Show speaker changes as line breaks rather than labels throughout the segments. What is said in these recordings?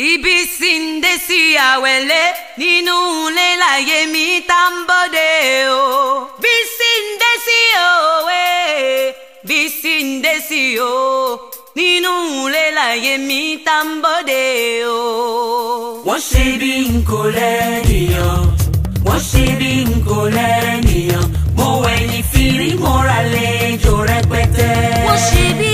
ibi sì ń dé sí àwẹ̀lẹ́ nínú ilé láyé mi tá o. Bisi sì ń dé sí òwe bí sì ń dé sí o nínú ilé láyé mi tá ń o. wọ́n ṣe bí n kò lẹ́nìyàn wọ́n ṣe bí n kò lẹ́nìyàn mo wẹ̀ ní fìrí mo ra lẹ́jọ́ rẹpẹtẹ. wọ́n ṣe bí.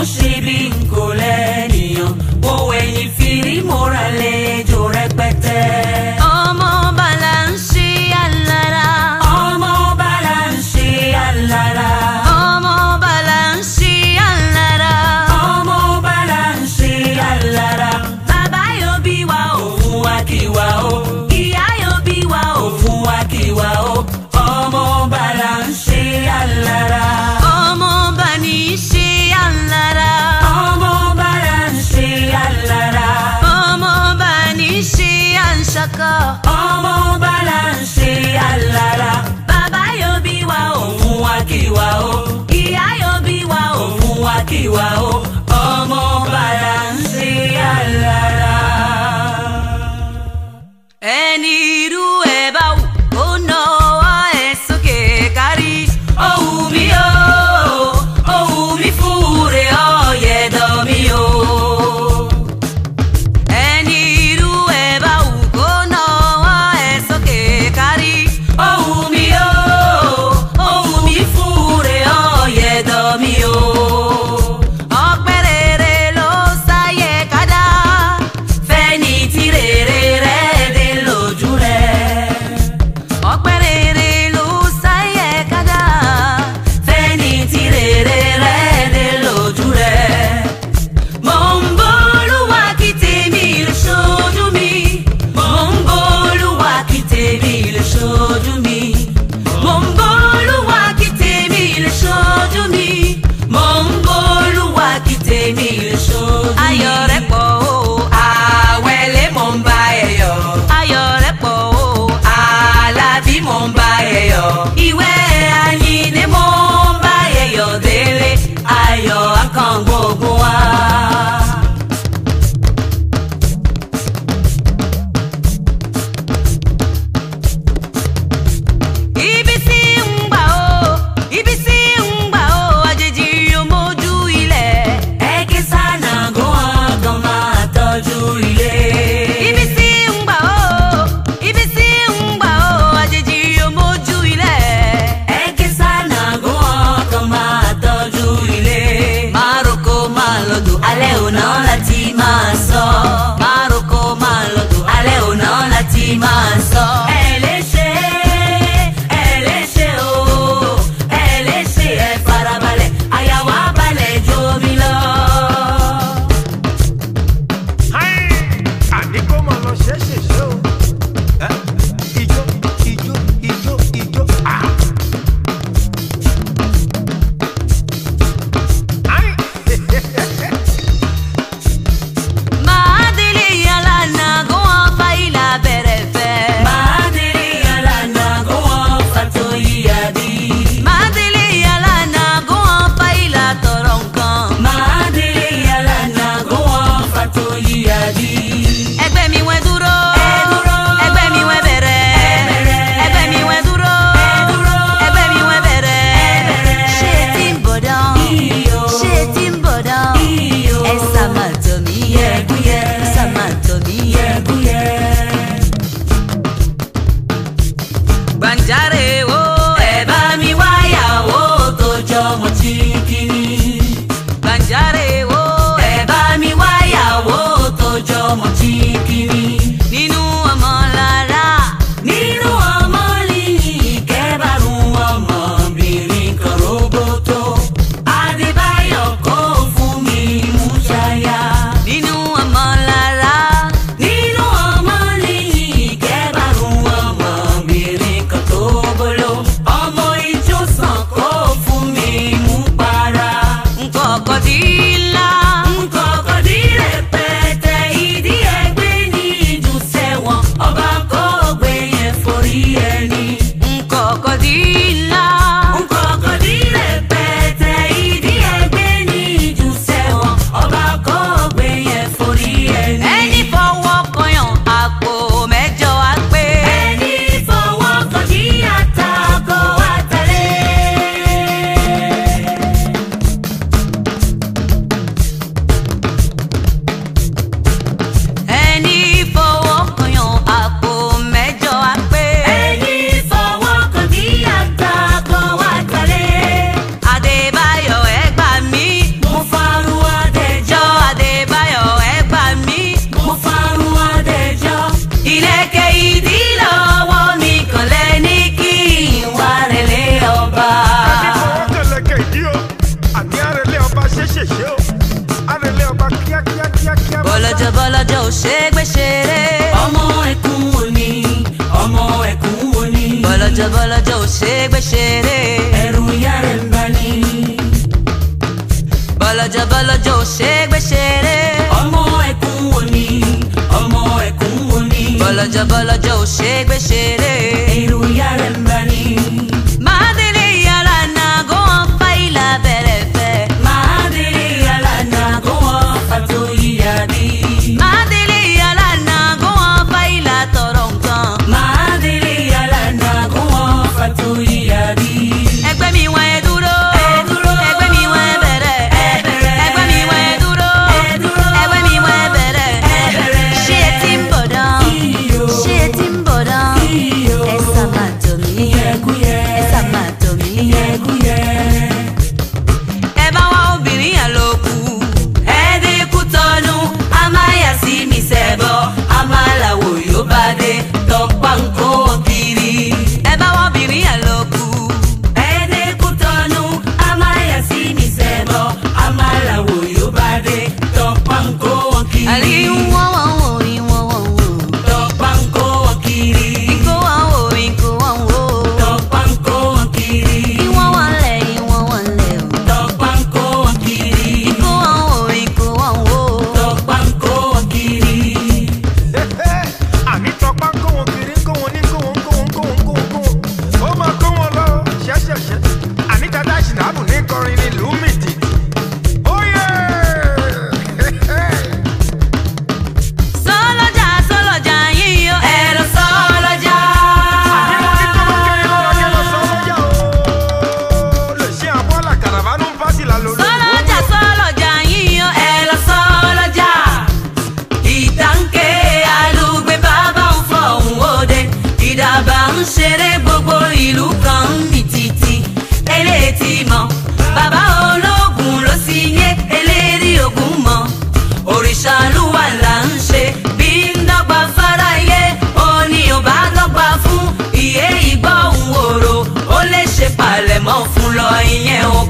Mogi ayọ̀ rẹ̀ pọ̀. ò ṣe gbé ṣeré. ọmọ ẹkùn wo ni ọmọ ẹkùn wo ni. bọ́lọ́jọ́ bọ́lọ́jọ́ ò ṣe gbé ṣeré. ẹ̀rù ìyá rẹ̀ ń bá ní. bọ́lọ́jọ́ bọ́lọ́jọ́ ò ṣe gbé ọmọ ẹkùn wo ni ọmọ ẹkùn wo ni. bọ́lọ́jọ́ bọ́lọ́jọ́ ò ṣe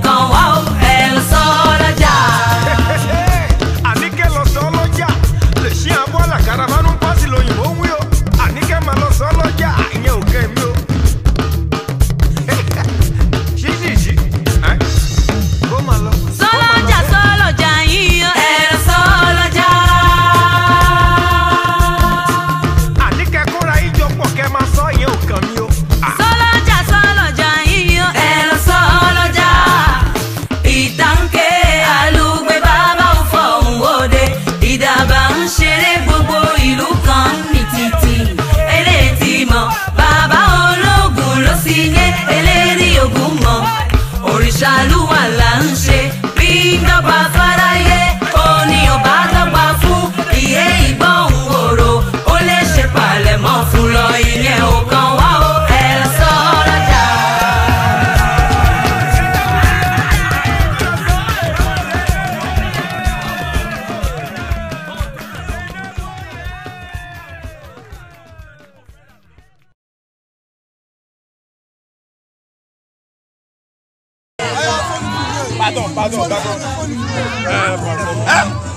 go out. gbádùn gbádùn.